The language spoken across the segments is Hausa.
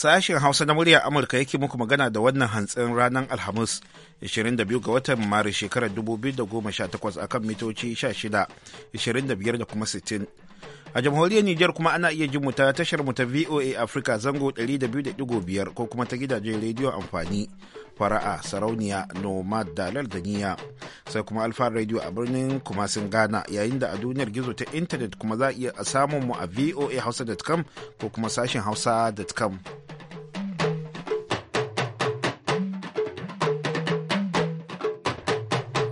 Sashen Hausa na muryar Amurka yake muku magana da wannan hantsin ranar Alhamis 22 ga watan Maris shekarar 2018 akan mitoci 16, 25 da kuma 60. A jamhuriyar Nijar kuma ana iya jin mu ta tashar mu ta VOA Africa zango 200.5 ko kuma ta gidajen rediyo amfani. fara'a sarauniya nomad dalar da niya sai kuma alfa radio a birnin kumasin ghana yayin da a duniyar gizo ta intanet kuma za a iya samun mu a voa hausa.com ko kuma sashen hausa.com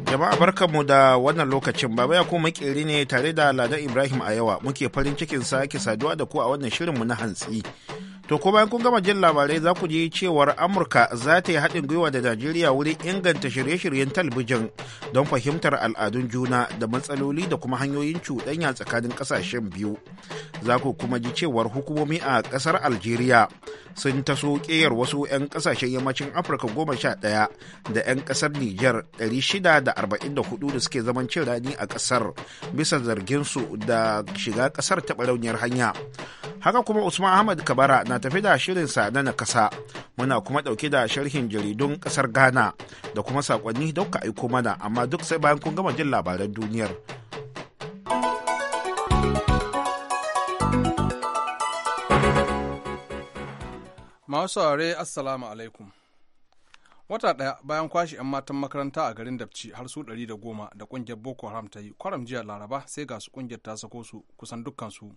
jama'a barkanmu da wannan lokacin baba ya kuma makeri ne tare da ladan ibrahim a yawa muke farin cikin sake saduwa da ku a wannan shirin mu na hantsi To bayan kun gama jin labarai za ku ji cewar Amurka za ta yi haɗin gwiwa da Najeriya wurin inganta shirye-shiryen talabijin don fahimtar al'adun juna da matsaloli da kuma hanyoyin cuɗanya tsakanin ƙasashen biyu. Za ku kuma ji cewar hukumomi a ƙasar Algeria sun taso ƙeyar wasu 'yan ƙasashen yammacin Afirka goma sha ɗaya da 'yan ƙasar Nijar ɗari shida da arba'in da hudu da suke zaman cin rani a ƙasar bisa zarginsu da shiga ƙasar taɓa rauniyar hanya. Haka kuma Usman Ahmad Kabara na tafi da shirin shirinsa na nakasa muna kuma ɗauke da sharhin jaridun ƙasar ghana da kuma sakonni dauka aiko mana amma duk sai bayan kun gama jin labaran duniyar masu saurare assalamu alaikum wata ɗaya bayan kwashe 'yan matan makaranta a garin dabci har su 110 da ƙungiyar boko haram ta yi kwaram jiya laraba sai ga su ƙungiyar ta sako su kusan dukkan su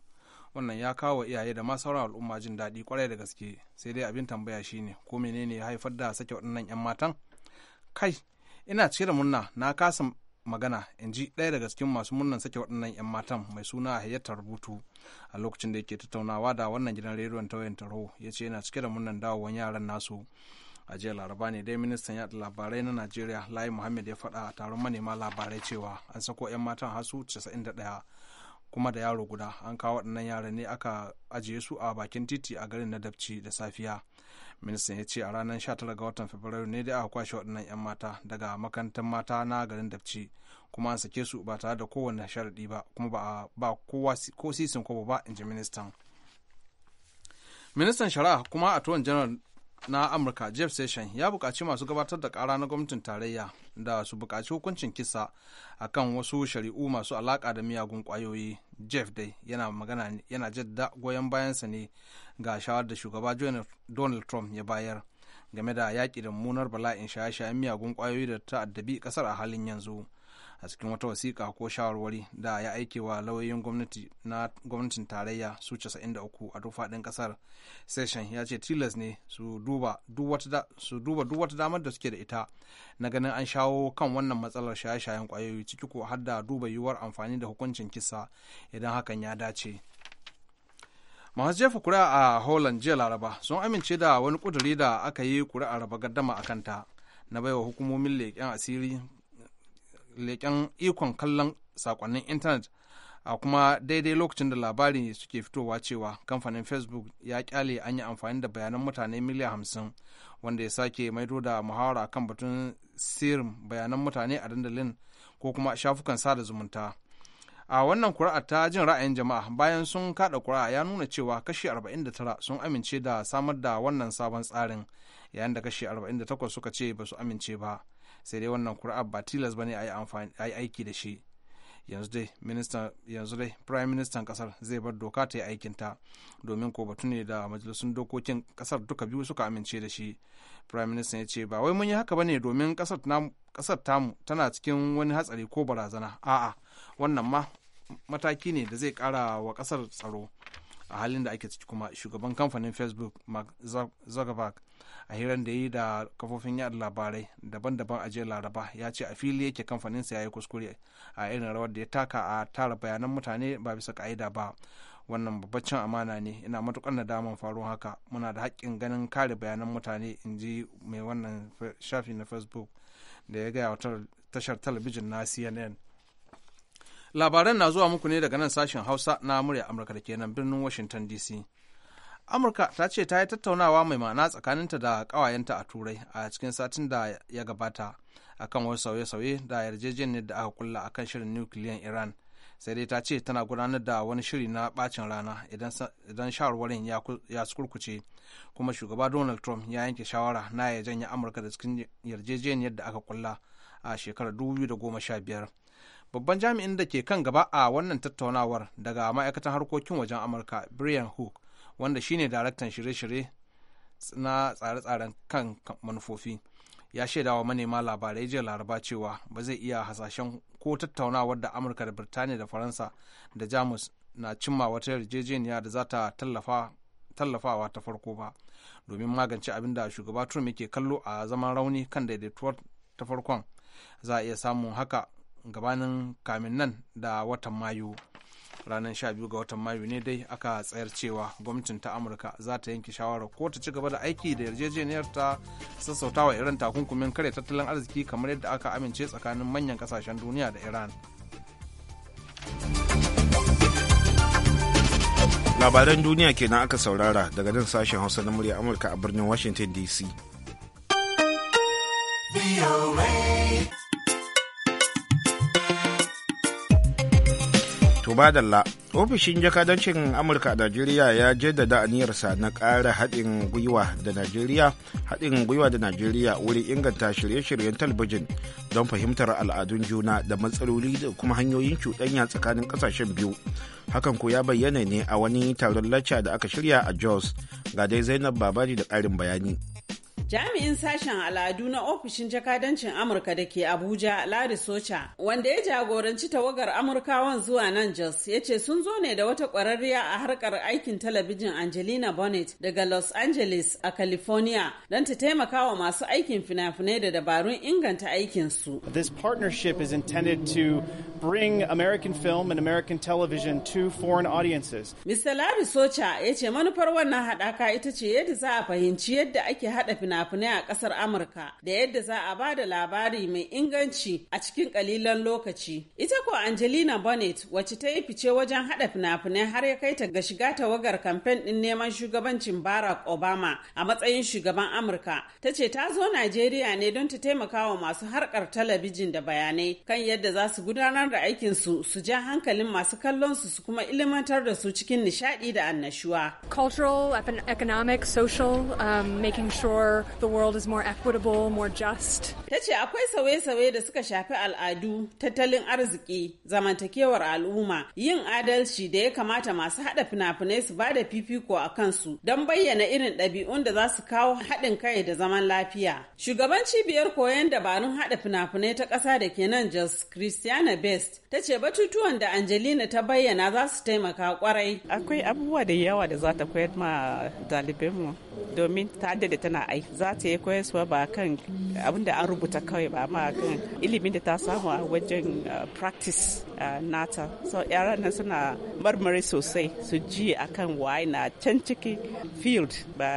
wannan ya kawo wa iyaye da ma sauran al'umma jin daɗi kwarai da gaske sai dai abin tambaya shine ko menene ya haifar da sake waɗannan 'yan matan kai ina cike da murna na kasa magana in ji ɗaya daga cikin masu murnan sake waɗannan 'yan matan mai suna hayyatar rubutu a lokacin da yake tattaunawa da wannan gidan rediyon tawayin tarho ya ce yana cike da murnan dawowan yaran nasu a jiya laraba ne dai ministan yaɗa labarai na najeriya layi muhammed ya faɗa a taron manema labarai cewa an sako 'yan matan hasu 91 kuma da yaro guda an kawo waɗannan yaran ne aka ajiye su a bakin titi a garin na dabci da safiya ministan ya ce a ranar 19 ga watan fabrairu ne da aka kwashe waɗannan 'yan mata daga makarantar mata na garin dabci kuma an sake su ba tare da kowane sharaɗi ba kuma ba kowa ko sisin ko ba in ji ministan ministan shari'a kuma a tuwon janar na amurka jeff session ya bukaci masu gabatar da kara na gwamnatin tarayya da su bukaci hukuncin kisa akan wasu shari'u masu alaƙa da miyagun kwayoyi jeff dai yana magana yana jadda goyon bayansa ne ga shawar da shugaba donald trump ya bayar game da yaƙi da munar bala'in shaye-shayen miyagun kwayoyi da ta'addabi ƙasar a halin yanzu. a cikin wata wasiƙa ko shawarwari da ya aike wa lauyoyin gwamnati na gwamnatin tarayya su 93 a duk faɗin ƙasar session ya ce tilas ne su duba duk wata damar da suke da ita na ganin an shawo kan wannan matsalar shaye-shayen ƙwayoyi ciki ko har da duba yiwuwar amfani da hukuncin kisa idan hakan ya dace masu jefa kura a holland jiya laraba sun amince da wani kuduri da aka yi a raba gaddama a kanta na baiwa hukumomin leƙen asiri leƙen ikon kallon sakonnin intanet a kuma daidai lokacin da labari suke fitowa cewa kamfanin facebook ya kyale an yi amfani da bayanan mutane miliyan hamsin wanda ya sake maido da muhawara kan batun sirrin bayanan mutane a dandalin ko kuma shafukan sada zumunta a wannan kuri'a ta jin ra'ayin jama'a bayan sun kada kuri'a ya nuna cewa kashi 49 sun amince da samar da wannan sabon tsarin yayin da kashi 48 suka ce ba su amince ba sai dai wannan kuri'ar ba tilas ba ne a yi aiki da shi yanzu dai prime ministan kasar zai bar doka ta yi aikinta domin ko batu ne da majalisun dokokin kasar duka biyu suka amince da shi prime minister ya ce ba wai mun yi haka ba ne domin kasar tamu tana cikin wani hatsari ko barazana a'a wannan ma mataki ne da zai kara wa kasar tsaro a halin da ake ciki kuma shugaban kamfanin facebook mark zuckerberg a hirar da yi da kafofin yada labarai daban-daban a jiya laraba ya ce a fili yake sa ya yi kuskure a irin rawar da ya taka a tara bayanan mutane ba bisa ka'ida ba wannan babbacin amana ne ina matukar na damar faruwar haka muna da haƙƙin ganin kare bayanan mutane in ji mai wannan shafi na facebook da ya gaya wa tashar talabijin na cnn labaran na zuwa muku ne daga nan sashen hausa na murya amurka da kenan birnin washington dc amurka ta ce ta yi tattaunawa mai ma'ana tsakaninta da kawayenta a turai a cikin satin da ya gabata akan wasu sauye-sauye da yarjejeniyar da aka kulla akan shirin nukiliyan iran sai dai ta ce tana gudanar da wani shiri na bacin rana idan shawarwarin ya kurkuce kuma shugaba donald trump ya yanke shawara na ya janye amurka da cikin yarjejeniyar da aka kulla a shekarar 2015 babban jami'in da ke kan gaba a wannan tattaunawar daga ma'aikatan harkokin wajen amurka brian hook wanda shine daraktan shirye-shirye na tsare-tsaren kan manufofi ya shaida wa manema labarai jiya laraba cewa ba zai iya hasashen ko tattaunawar da amurka da birtaniya da faransa da jamus na cimma wata yarjejeniya da za ta tallafawa ta farko ba domin magance abin da shugaba trump yake kallo a zaman rauni kan daidaituwar ta farkon za a iya samun haka gabanin kamin nan da watan mayu ranar 12 ga watan mayu ne dai aka tsayar cewa gwamnatin ta amurka za ta yanke shawarar ko ta ci gaba da aiki da yarjejeniyar ta sassauta wa iran takunkumin kare tattalin arziki kamar yadda aka amince tsakanin manyan kasashen duniya da iran labaran duniya kenan aka saurara daga nan sashen hausa na murya amurka a birnin washington dc To dalla ofishin jakadancin Amurka a Najeriya ya jaddada aniyarsa na ƙara haɗin gwiwa da Najeriya, haɗin gwiwa da Najeriya wuri inganta shirye-shiryen talabijin don fahimtar al'adun juna da matsaloli da kuma hanyoyin cuɗanya tsakanin ƙasashen biyu. Hakan ko ya bayyana ne a wani taron lacca da aka shirya a Jos, ga dai Zainab Babaji da ƙarin bayani. Jami'in sashen al'adu na ofishin jakadancin Amurka da ke Abuja, Larry Socha, wanda ya jagoranci tawagar Amurkawan zuwa nan Jos, ya ce sun zo ne da wata kwararriya a harkar aikin talabijin Angelina Bonnet daga Los Angeles a California don ta taimaka wa masu aikin fina-finai da dabarun inganta aikinsu. This partnership is intended to bring American film and American television to foreign audiences. Mr. Larry Socha ya ce manufar wannan haɗaka ita ce yadda za a fahimci yadda ake haɗa fina fina-finai a ƙasar Amurka da yadda za a ba da labari mai inganci a cikin ƙalilan lokaci. Ita ko Angelina Bonnet wacce ta yi fice wajen haɗa fina-finai har ya kai ta ga shiga tawagar kamfen ɗin neman shugabancin Barack Obama a matsayin shugaban Amurka. Ta ce ta zo Najeriya ne don ta taimaka wa masu harkar talabijin da bayanai kan yadda za su gudanar da aikinsu su ja hankalin masu kallon su su kuma ilimantar da su cikin nishaɗi da annashuwa. Cultural, economic, social, um, making sure the world is more equitable, more just. Ta ce akwai sauye-sauye da suka shafi al'adu, tattalin arziki, zamantakewar al'umma, yin adalci da ya kamata masu haɗa fina-finai su ba da fifiko a kansu don bayyana irin ɗabi'un da za su kawo haɗin kai da zaman lafiya. Shugaban cibiyar koyon dabarun haɗa fina-finai ta ƙasa da ke nan Jos Christiana Best ta ce batutuwan da Angelina ta bayyana za su taimaka kwarai. Akwai abubuwa da yawa da za ta koyar ma ɗalibanmu. domin ta da tana aiki. za ta yi koyaswa ba kan abin da an rubuta kawai ba amma kan ilimin da ta samu a wajen uh, practice uh, nata so yaran nan suna marmari sosai su ji akan wa na can ciki field ba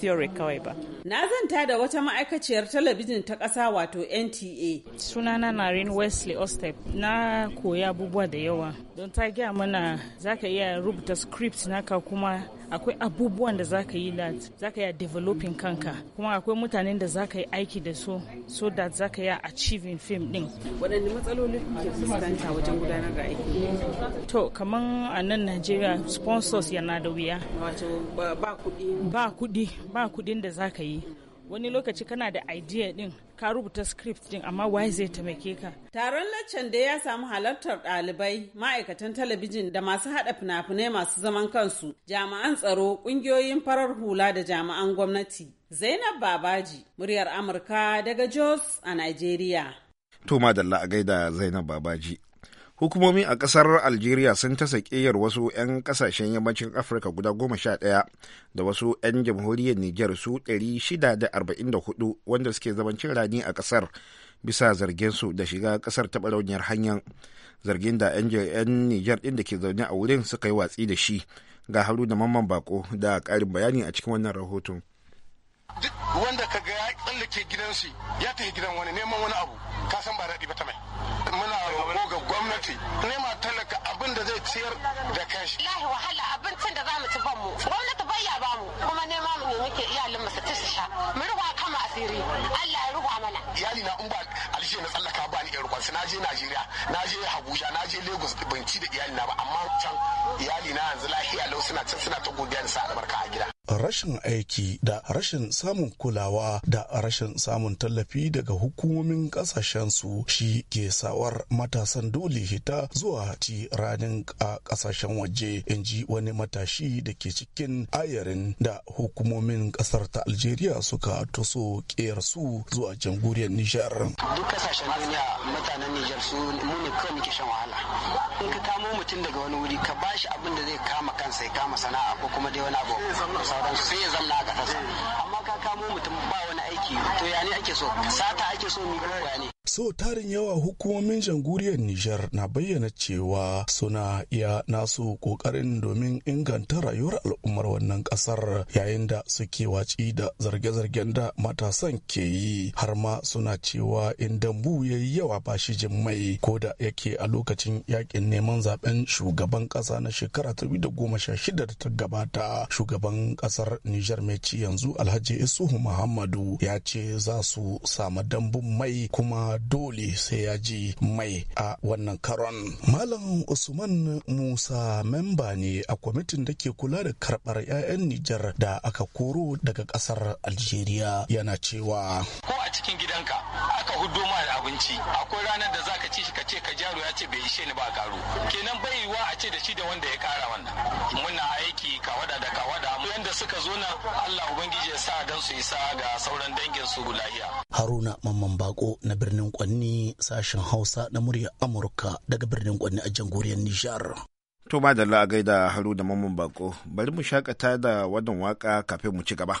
theory kawai ba na zanta da wata ma'aikaciyar talabijin ta ƙasa wato nta sunana na rin wesley ostep na koya abubuwa da yawa don ta gaya mana za ka iya rubuta script naka kuma akwai abubuwan da zaka yi da zaka ya developing kanka kuma akwai mutanen da zaka yi aiki da su so that zaka ya achieving film din waɗanne matsaloli kuke fuskanta wajen gudanar da aiki to kaman a nan Najeriya sponsors yana da wuya wato ba kuɗi ba kuɗi ba kuɗin da zaka yi wani lokaci kana da idea din ka rubuta script din amma wai zai taimake ka taron laccan da ya samu halartar ɗalibai ma'aikatan talabijin da masu haɗa fina-finai masu zaman kansu jami'an tsaro ƙungiyoyin farar hula da jami'an gwamnati zainab babaji muryar amurka daga jos a nigeria to madalla a gaida zainab babaji hukumomi a kasar algeria sun ta sakiyar wasu 'yan kasashen yammacin afirka guda goma sha ɗaya da wasu 'yan jamhuriyar niger su 644 wanda suke zabancin rani a kasar bisa zargin su da shiga kasar taɓa rauniyar hanyar zargin da 'yan niger ɗin da ke zaune a wurin suka yi watsi da shi ga da mamman bako da ƙarin bayani a cikin wannan rahoton duk wanda ka ga ya tsallake gidansu ya tafi gidan wani neman wani abu ka san ba daɗi ba ta mai muna roƙo ga gwamnati nema talaka abin da zai ciyar da kashi lahi wahala abincin da za mu ci ban mu gwamnati bayya ba mu kuma nema mu ne muke iyalin mu su ci su sha mu ruwa kama asiri Allah ya ruwa mana iyali na in ba alishe na tsallaka ba yar kwansu na je najeriya na je abuja na je lagos ban ci da iyali na ba amma can iyali na yanzu lafiya lau suna can suna ta godiya sa albarka a gida rashin aiki da rashin samun kulawa da rashin samun tallafi daga hukumomin su shi ke sawar matasan dole hita zuwa ci ranin a kasashen waje in ji wani matashi da ke cikin ayarin da hukumomin kasar ta algeria suka kiyar su zuwa jamhuriyar nijar duk kasashen duniya mutanen Nijar su mu kawai muke shan wahala in ka kamo mutum daga wani wuri ka bashi abin da zai kama kansa ya kama sana'a ko kuma dai wani abu sauransu sai ya zamna a ƙasarsa amma ka kamo mutum ba wani ake to ya ne ake so sata ake so mu ne so tarin yawa hukumomin jamhuriyar Nijar na bayyana cewa suna iya nasu kokarin domin inganta rayuwar al'ummar wannan kasar yayin da suke watsi da zarge-zargen da matasan ke yi har ma suna cewa in dambu ya yi yawa ba shi jin mai ko da yake a lokacin yakin neman zaben shugaban kasa na shekara ta goma sha shida da ta gabata shugaban kasar Nijar mai ci yanzu Alhaji Isuhu Muhammadu ya ce za su samu dambun mai kuma dole sai ya ji mai a wannan karon malam usman musa memba ne a kwamitin da ke kula da karbar 'ya'yan nijar da aka koro daga kasar algeria yana cewa ko a cikin gidanka guduma ma da abinci akwai ranar da zaka ci shi ka ce ka jaro ya ce bai ishe ni ba karo kenan bai wa a ce da shi da wanda ya kara wannan muna aiki ka wada da ka wada kawada yanda suka zo na Allah ubangiji ya sa dan su isa ga sauran dangin su lahiya Haruna Mamman Bako na birnin Kwanni sashen Hausa na muryar Amurka daga birnin Kwanni a jamhuriyar Nijar To ba da la'agai da Haruna Mamman Bako bari mu shakata da wannan waka kafin mu ci gaba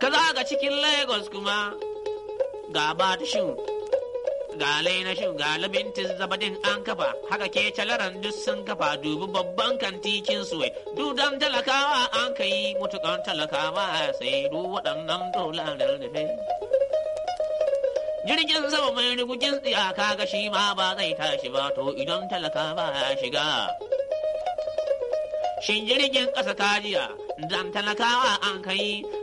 ka za ga cikin lagos kuma ga batishin ga lainashin ga labintin zabadin an kafa haka ke calaran duk sun kafa dubi babban kantikin suwe dudan talakawa an kai yi mutukan talakawa sai du waɗannan dolarar da jirgin sama mai rigugin tsiyaka ga shi ma ba zai tashi ba to idan talaka ba ya shiga shin jirgin ƙasa jiya dan talakawa an kai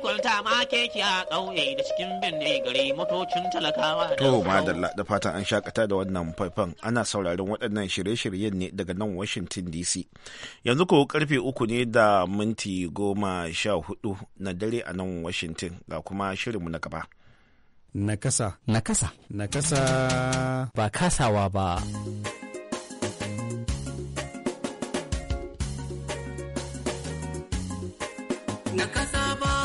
kwalta ma keke a ƙauye da cikin birni gari motocin talakawa to madalla da fatan an shakata da wannan faifan ana sauraron waɗannan shirye-shiryen ne daga nan washington dc yanzu ko karfe uku ne da minti goma sha hudu na dare a nan washington ga kuma shirinmu na gaba Nakasa. Nakasa. Nakasa. Ba kasawa ba. Nakasa ba.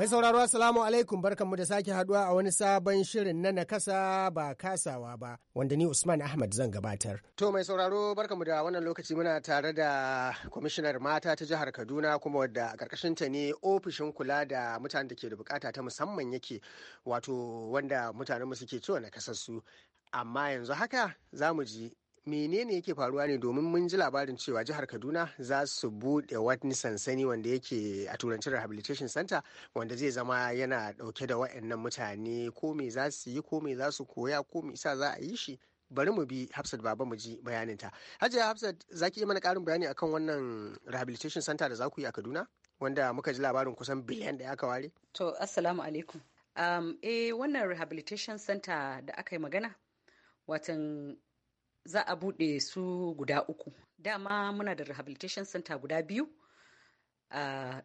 Mai sauraro Assalamu alaikum barkanmu da sake haduwa a wani sabon shirin na nakasa ba kasawa ba wanda ni Usman Ahmad zan gabatar. To mai sauraro barkanmu da wannan lokaci muna tare da kwamishinar mata ta jihar Kaduna kuma wadda a karkashin ta ne ofishin kula da mutanen da ke da bukata ta musamman yake wato wanda mutanen mu suke cewa nakasassu. Amma yanzu haka za mu ji menene yake faruwa ne domin mun ji labarin cewa jihar kaduna za su buɗe wani sansani wanda yake a turanci rehabilitation center wanda zai zama yana ɗauke da wayannan mutane ko me za su yi ko me za su koya ko me sa za a yi shi bari mu bi hafsat baba mu ji bayanin ta hajiya hafsat za ki yi mana karin bayani akan wannan rehabilitation center da za ku yi a kaduna wanda muka ji labarin kusan biliyan da aka ware to assalamu alaikum um, eh wannan rehabilitation center da aka yi magana watan za a buɗe su guda uku dama muna da rehabilitation center guda biyu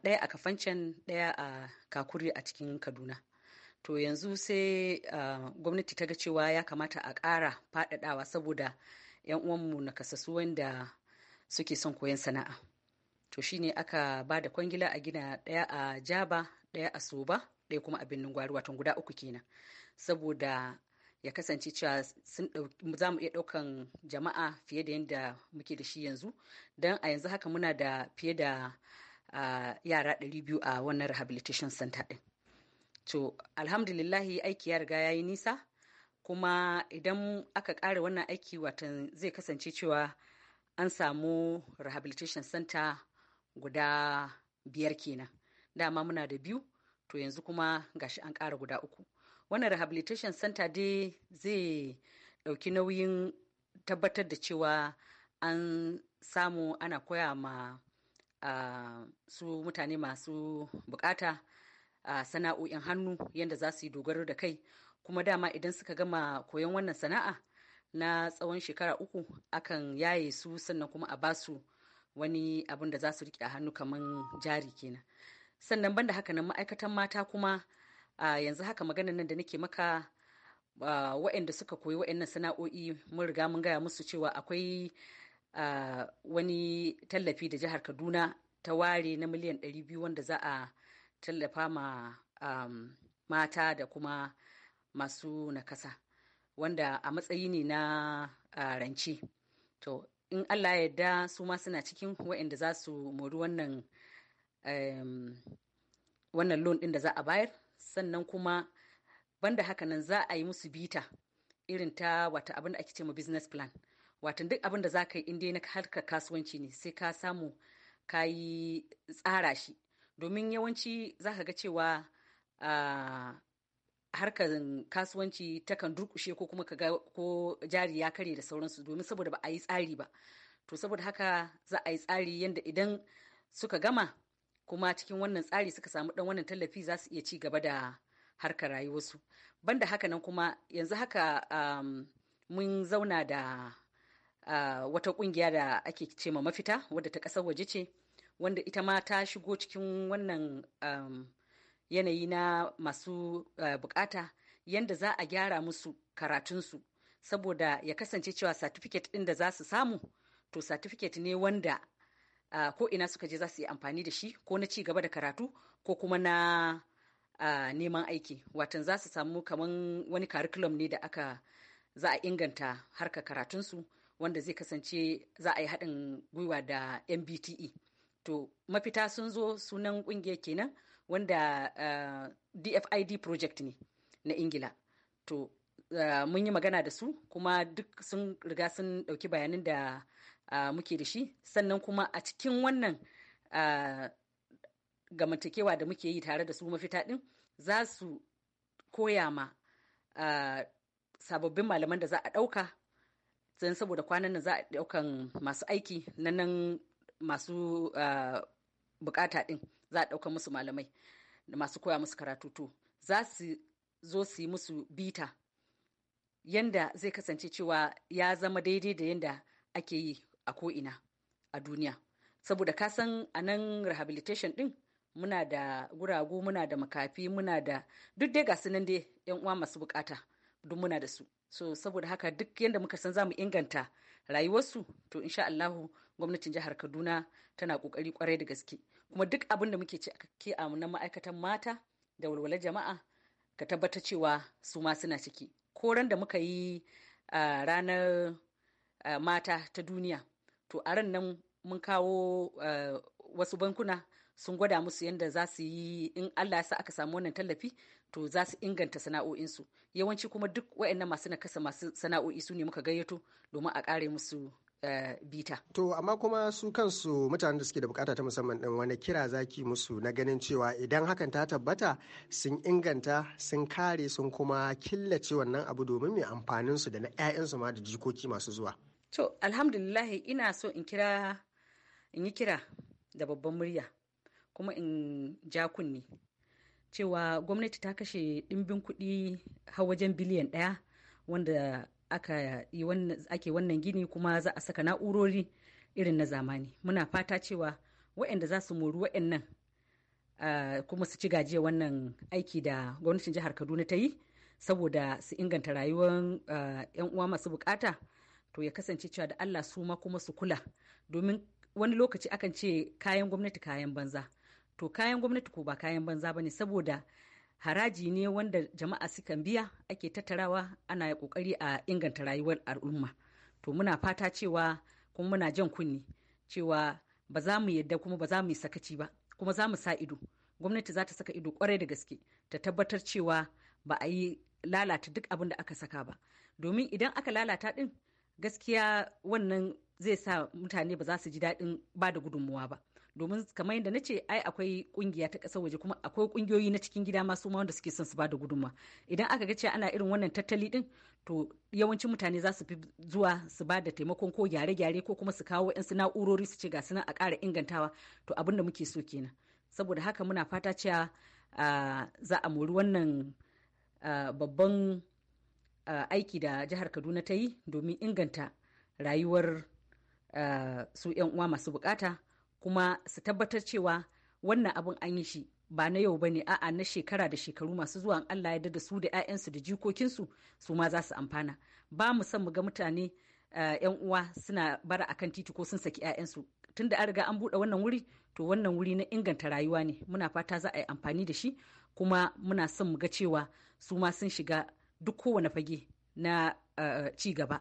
ɗaya a kafancen ɗaya a kakuri a cikin kaduna to yanzu sai gwamnati ta ga cewa ya kamata a ƙara faɗaɗawa saboda 'yan uwanmu na kasasu wanda suke son koyon sana'a to shine aka ba da kwangila a gina ɗaya a jaba ɗaya a soba ɗaya kuma a birnin gwari wato guda uku kenan saboda ya kasance cewa za mu iya ɗaukan jama'a fiye da yadda muke da shi yanzu don a yanzu haka muna da fiye da yara biyu a wannan rehabilitation center ɗin to alhamdulillahi aiki ya riga ya yi nisa kuma idan aka ƙara wannan aiki watan zai kasance cewa an samu rehabilitation center guda biyar kenan dama muna da biyu to yanzu kuma gashi an ƙara guda uku wannan rehabilitation center dai zai dauki nauyin tabbatar da cewa an samu ana koya ma su mutane masu bukata a sana'o'in hannu yadda za su yi dogaro da kai kuma dama idan suka gama koyon wannan sana'a na tsawon shekara uku akan yaye su sannan kuma a basu wani abin da za su riƙe a hannu kamar jari kenan sannan banda haka nan ma'aikatan mata kuma a yanzu haka magana nan da nake maka waɗanda suka koyi wa'annan sana'o'i mun riga mun gaya musu cewa akwai wani tallafi da jihar kaduna ta ware na miliyan 200 wanda za a tallafa ma mata da kuma masu nakasa wanda a matsayi ne na rance to in allah ya yarda su ma suna cikin waanda za su mori wannan wannan loan ɗin da za a bayar sannan kuma banda haka nan za a yi musu bita irin ta wata abin da ake ce ma business plan wata duk abin da za ka yi inda na harkar kasuwanci ne sai ka samu ka yi tsara shi domin yawanci za ka ga cewa harkar kasuwanci takan durkushe ko kuma ka ga ko jari ya kare da sauransu domin saboda ba a yi tsari ba to saboda haka za a yi tsari yadda idan suka gama kuma cikin wannan tsari suka samu dan wannan tallafi za su iya ci gaba da harkar rayuwarsu banda haka nan kuma yanzu haka mun zauna da wata kungiya da ake ce ma mafita wadda ta kasar waje ce wanda ita ma ta shigo cikin wannan yanayi na masu bukata yanda za a gyara musu karatunsu saboda ya kasance cewa satifiket ɗin da za su samu to satifiket ne wanda uh, ko ina suka je za su yi amfani da shi ko na ci gaba da karatu ko kuma na uh, neman aiki watan za su samu kamar wani curriculum ne da aka za a inganta harkar karatunsu wanda zai kasance za a yi haɗin gwiwa da mbte to mafita sun zo sunan ƙungiyar kenan wanda dfid project ne na ingila to mun yi magana da su kuma duk sun riga sun ɗauki bayanin da muke da shi sannan kuma a cikin wannan gamantakewa da muke yi tare da su mafita ɗin za su koya ma sababbin malaman da za a ɗauka zan saboda kwanan nan za a ɗaukan masu aiki na nan masu bukata ɗin za a ɗaukan musu malamai da masu koya musu karatu to za su zo su yi musu bita yanda zai kasance cewa ya zama daidai da yanda ake yi a ko'ina a duniya saboda ka san a nan rehabilitation din muna da guragu muna da makafi muna da duk dai gasu nan dai yan uwa masu bukata duk muna da su so saboda haka duk yadda muka san zamu inganta rayuwarsu to insha Allahu gwamnatin jihar Kaduna tana kokari kwarai da gaske kuma duk abin da muke ci ke a na ma'aikatan mata da walwalar jama'a ka tabbata cewa su ma suna ciki koran da muka yi ah, ranar ah, mata ta duniya to a ran nan mun kawo eh, wasu bankuna sun gwada musu yadda za su yi in Allah ya sa aka samu wannan tallafi to za su inganta sana'o'insu yawanci kuma duk waɗannan masu nakasa masu sana'o'i su ne muka gayyato domin a kare musu eh, bita. To amma kuma su kansu mutanen da suke da bukata ta musamman din wani kira zaki musu na ganin cewa idan hakan ta tabbata sun inganta sun kare sun kuma killace wannan abu domin mai amfanin su da na 'ya'yansu ma da jikoki masu zuwa. to alhamdulillahi ina so in kira in yi kira da babban murya kuma in ja kunni cewa gwamnati ta kashe ɗimbin kuɗi har wajen biliyan ɗaya wanda ake wannan gini kuma za a saka na'urori irin na zamani muna fata cewa waɗanda za su mori waɗannan kuma su ci gajiya wannan aiki da gwamnatin jihar kaduna ta yi saboda su inganta rayuwar 'yan uwa masu bukata to ya kasance cewa da Allah su ma kuma su kula domin wani lokaci akan ce kayan gwamnati kayan banza to kayan gwamnati ko ba kayan banza bane saboda haraji ne wanda jama'a sukan biya ake tattarawa ana kokari a inganta rayuwar al'umma to muna fata cewa kuma muna jan kunni cewa ba za mu yadda kuma ba za mu yi sakaci ba kuma za mu sa ido gwamnati za ta saka ido kwarai da gaske ta tabbatar cewa ba a yi lalata duk abin da aka saka ba domin idan aka lalata din gaskiya wannan zai sa mutane ba za su ji daɗin ba da gudunmuwa ba domin kamar yadda na ce ai akwai kungiya ta ƙasar waje kuma akwai ƙungiyoyi na cikin gida masu ma wanda suke son su ba da gudunmuwa idan aka ga cewa ana irin wannan tattali din to yawancin mutane za su fi zuwa su ba da taimakon ko gyare-gyare ko kuma su kawo 'yansu na'urori su ce ga suna a ƙara ingantawa to abin da muke so kenan saboda haka muna fata cewa ah, za a mori wannan ah, babban aiki da jihar kaduna ta yi domin inganta rayuwar su 'yan uwa masu bukata kuma su tabbatar cewa wannan abin an yi shi ba na yau ba ne a'a na shekara da shekaru masu zuwa Allah ya da su da 'ya'yansu da jikokinsu su ma za su amfana ba mu san mu ga mutane yan uwa suna bara akan titi ko sun saki 'ya'yansu tun da an riga an buɗe wannan wuri to wannan wuri na inganta rayuwa ne muna fata za a yi amfani da shi kuma muna son mu ga cewa su ma sun shiga duk kowane fage na eh, ci gaba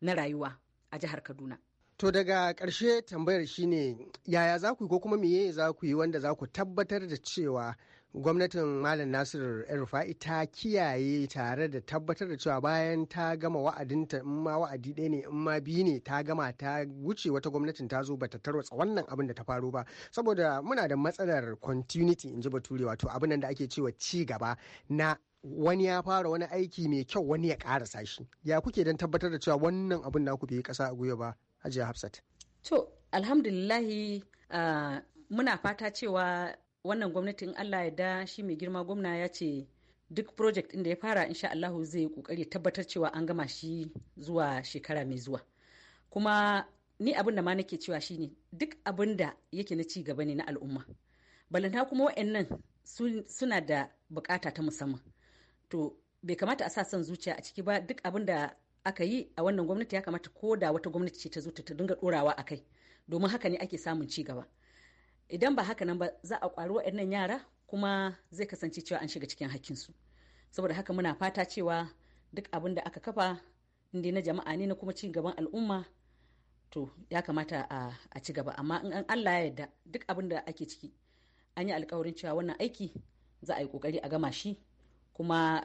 na rayuwa a jihar Kaduna. To daga karshe tambayar shine yaya za ku yi ko kuma meye za ku yi wanda za ku tabbatar da cewa gwamnatin Malam Nasir Rufa'i ta kiyaye tare da tabbatar da cewa bayan ta gama wa'adinta in ma wa'adi ɗaya ne in ma biyu ne ta gama ta wuce wata gwamnatin ta zo ba ta tarwatsa wannan abin da ta faru ba saboda muna da matsalar continuity in ji bature wato abin da ake cewa ci gaba na wani ya fara wani aiki mai kyau wani ya karasa shi ya kuke don tabbatar da cewa wannan abin naku bai kasa a gwiwa ba hajiya hafsat to alhamdulillahi uh, muna fata cewa wannan gwamnatin allah ya da shi mai girma gwamna ya ce duk project inda ya fara insha allahu zai yi kokari tabbatar cewa an gama shi zuwa shekara mai zuwa kuma ni abin da ma nake cewa shine duk abin da yake na ci gaba ne na al'umma balanta kuma wa'annan suna da bukata ta musamman to bai kamata a sa son zuciya a ciki ba duk abin da aka yi a wannan gwamnati ya kamata ko da wata gwamnati ce ta zo ta dinga dorawa a kai domin haka ne ake samun ci gaba idan ba haka nan ba za a ƙwari waɗannan yara kuma zai kasance cewa an shiga cikin su saboda haka muna fata cewa duk abin da aka kafa inda na jama'a ne na kuma ci gaban al'umma to ya kamata a ci gaba amma in Allah ya yarda duk abin da ake ciki an yi alkawarin cewa wannan aiki za a yi kokari a gama shi kuma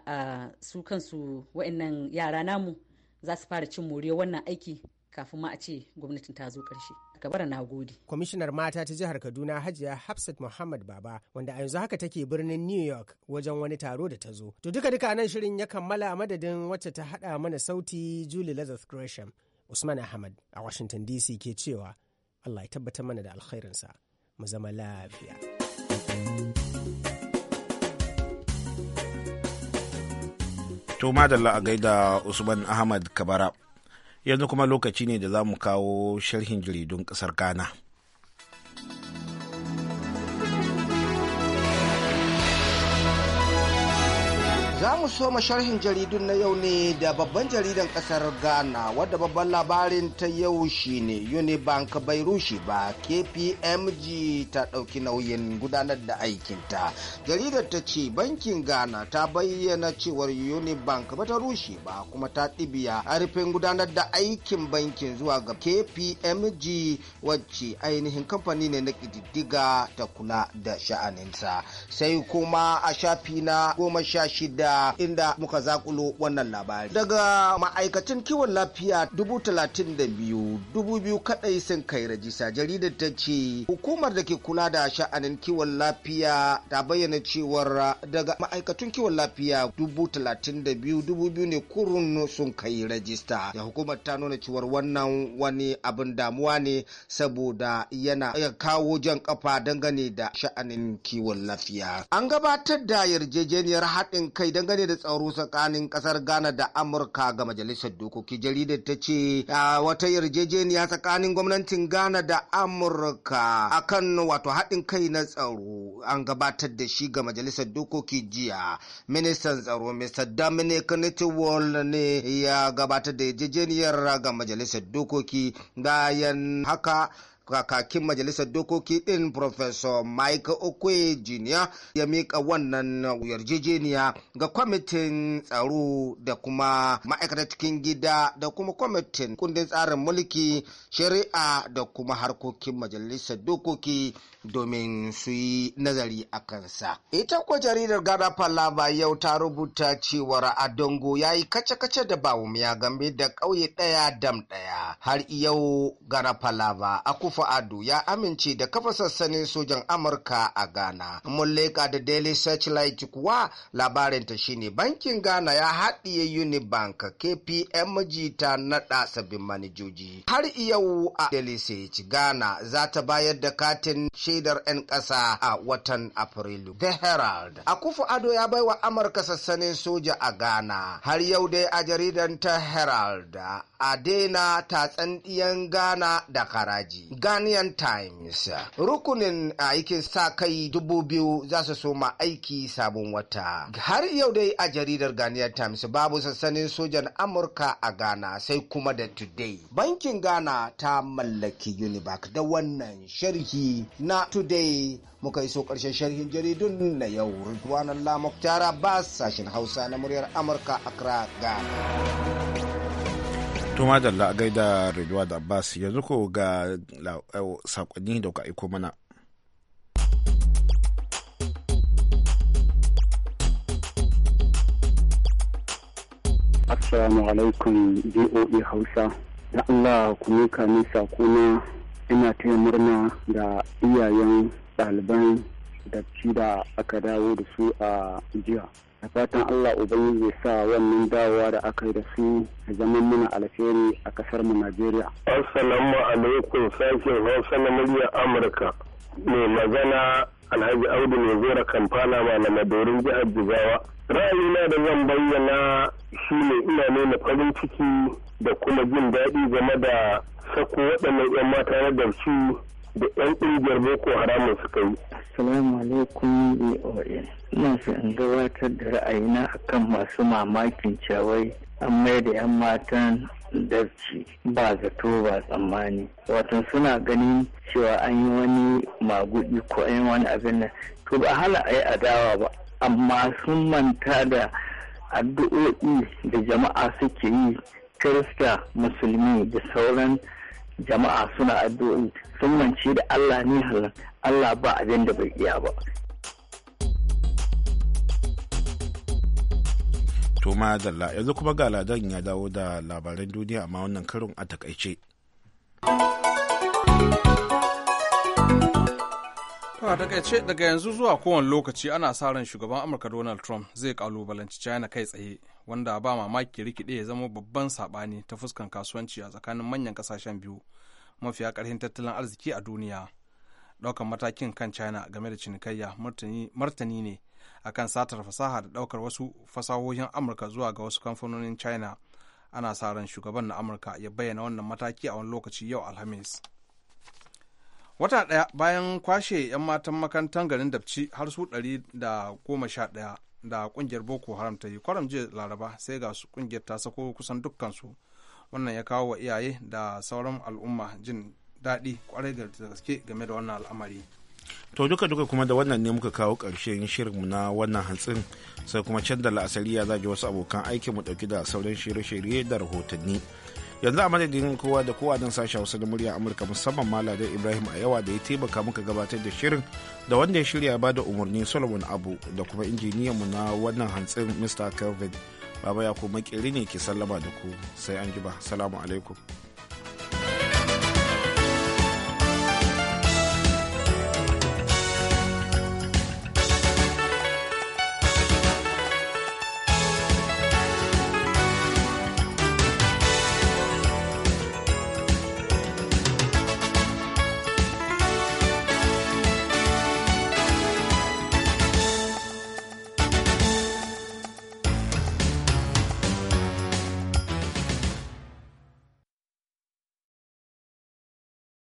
su kansu wa'annan yara namu za su fara cin moriyar wannan aiki kafin ma a ce gwamnatin ta zo ƙarshe. Kabara na gode. Kwamishinar mata ta jihar Kaduna Hajiya Hafsat Muhammad Baba wanda a yanzu haka take birnin New York wajen wani taro da ta zo. To duka duka nan shirin ya kammala a madadin wacce ta haɗa mana sauti Julie Lazarus Gresham. Usman Ahmad a Washington DC ke cewa Allah ya tabbatar mana da alkhairinsa mu zama lafiya. To madalla a gaida Usman Ahmad Kabara. Yanzu kuma lokaci ne da za mu kawo sharhin jaridun ƙasar Ghana. Za mu so sharhin jaridun na yau ne da babban jaridan kasar Ghana wadda babban labarin ta yau shine Unibank bai rushe ba KPMG ta ɗauki nauyin gudanar da aikinta. Jaridar ta ce bankin Ghana ta bayyana cewar Unibank ba ta rushe ba kuma ta ɗibiya a rufin gudanar da aikin bankin zuwa ga KPMG wacce ainihin kamfani ne na ƙididdiga ta kula da sha'aninsa. Sai kuma a shafi na goma sha shida da inda muka zakulo wannan labari. Daga ma'aikacin kiwon lafiya dubu talatin da biyu, dubu biyu kadai sun kai rajista jaridar ta ce hukumar da ke kula da sha'anin kiwon lafiya ta bayyana cewar daga ma'aikatun kiwon lafiya dubu talatin da biyu, dubu biyu ne kurun sun kai rajista. Da hukumar ta nuna cewar wannan wani abin damuwa ne saboda yana ya kawo jan kafa dangane da sha'anin kiwon lafiya. An gabatar da yarjejeniyar haɗin kai dangane da tsaro tsakanin kasar Ghana da Amurka ga majalisar dokoki jaridar ta ce wata yarjejeniya tsakanin gwamnatin Ghana da Amurka akan wato haɗin kai na tsaro an gabatar da shi ga majalisar dokoki jiya ministan tsaro Mr. Dominic Nitiwol ne ya gabatar da yarjejeniyar ga majalisar dokoki bayan haka kakakin majalisar dokoki din professor mike okwe junior ya mika wannan yarjejeniya ga kwamitin tsaro da kuma ma'aikatar cikin gida da kuma kwamitin kundin tsarin mulki shari'a da kuma harkokin majalisar dokoki domin su yi nazari a kansa ita kuwa jaridar gada falaba yau ta rubuta cewar adongo ya yi kace-kace da bawumiya game da ƙauye ɗaya dam ɗaya har yau gada falaba a Akufo Ado ya amince da kafa sassanin sojan Amurka a Ghana. Mun da Daily Searchlight kuwa labarin labarinta shine bankin Ghana ya haɗiye Unibank KPMG ta naɗa sabbin manijoji. Har yau a Daily Search Ghana za ta bayar da katin shaidar 'yan ƙasa a watan Afrilu. The Herald. Akufo Ado ya baiwa Amurka sassanin soja a Ghana. Har yau dai a jaridan ta Herald. a daina tatsan ɗiyan Ghana da karaji. Ghanaian Times. Rukunin aikin sa kai dubu biyu za su soma aiki sabon wata. Har yau dai a jaridar Ghanaian Times babu sassanin sojan Amurka a Ghana sai kuma da Today. Bankin Ghana ta mallaki Unibank da wannan sharhi na Today muka so ƙarshen sharhin jaridun na yau. Ridwanan Lamok Tara ba sashen Hausa na muryar Amurka a Ghana. Tuma Jalla da gaida da Abbas yanzu ko ga eh, sakonni da kuka aiko mana. Assalamu alaikum DOE Hausa. Da Allah ku nuka min sakona ina taya murna da iyayen ɗaliban da da aka dawo da su a jiya. da fatan allah ubangiji ya sa wannan dawowa da aka yi da su zaman muna alheri a kasar mu najeriya assalamu alaikum sashen hausa na murya amurka mai magana alhaji audu mai zora kamfana malama dorin jihar jigawa ra'ayina da zan bayyana shine ina nuna farin ciki da kuma jin daɗi game da sako waɗannan 'yan mata na garci da 'yan ƙungiyar boko haramun suka yi. Assalamu alaikum VOA. Ina so in gabatar da ra'ayina akan masu mamakin cewai an mai da 'yan matan darci ba zato ba tsammani. Wato suna ganin cewa an yi wani magudi ko an wani abin nan. To ba hala a yi adawa ba, amma sun manta da addu'o'i da jama'a suke yi Kirista, Musulmi da sauran jama'a suna addu'o'i sun mance da Allah ne halin Allah ba abin da bai iya ba. To dalla yanzu kuma ga ladan ya dawo da labaran duniya amma wannan karin a takaice. a takaice daga yanzu zuwa kowane lokaci ana sa ran shugaban amurka donald trump zai kalubalanci china kai tsaye wanda ba mamaki rikide ya zama babban sabani ta fuskan kasuwanci a tsakanin manyan kasashen biyu mafiya karfin tattalin arziki a duniya ɗaukar matakin kan china game da cinikayya martani ne akan satar fasaha da ɗaukar wasu fasahohin amurka zuwa ga wasu kamfanonin china ana sa ran shugaban na amurka ya bayyana wannan mataki a wani lokaci yau alhamis wata daya bayan kwashe 'yan matan makarantar garin dabci har su ɗari da goma sha ɗaya da kungiyar boko haram ta yi kwaram jiya laraba sai ga su kungiyar ta sako kusan dukkansu wannan ya kawo wa iyaye da sauran al'umma jin daɗi kwarai da gaske game da wannan al'amari to duka duka kuma da wannan ne muka kawo ƙarshen shirinmu na wannan hantsin sai kuma can da la'asari ya zaji wasu abokan aikin mu ɗauki da sauran shirye-shirye da rahotanni yanzu a madadin kowa da kowa don sashe hausa da murya amurka musamman maladar ibrahim a yawa da ya taimaka muka gabatar da shirin da wanda ya shirya ba da umarni solomon abu da kuma mu na wannan hantsin mr kelvin baba ya kuma ne ke sallama da ku sai an ji ba salamu alaikum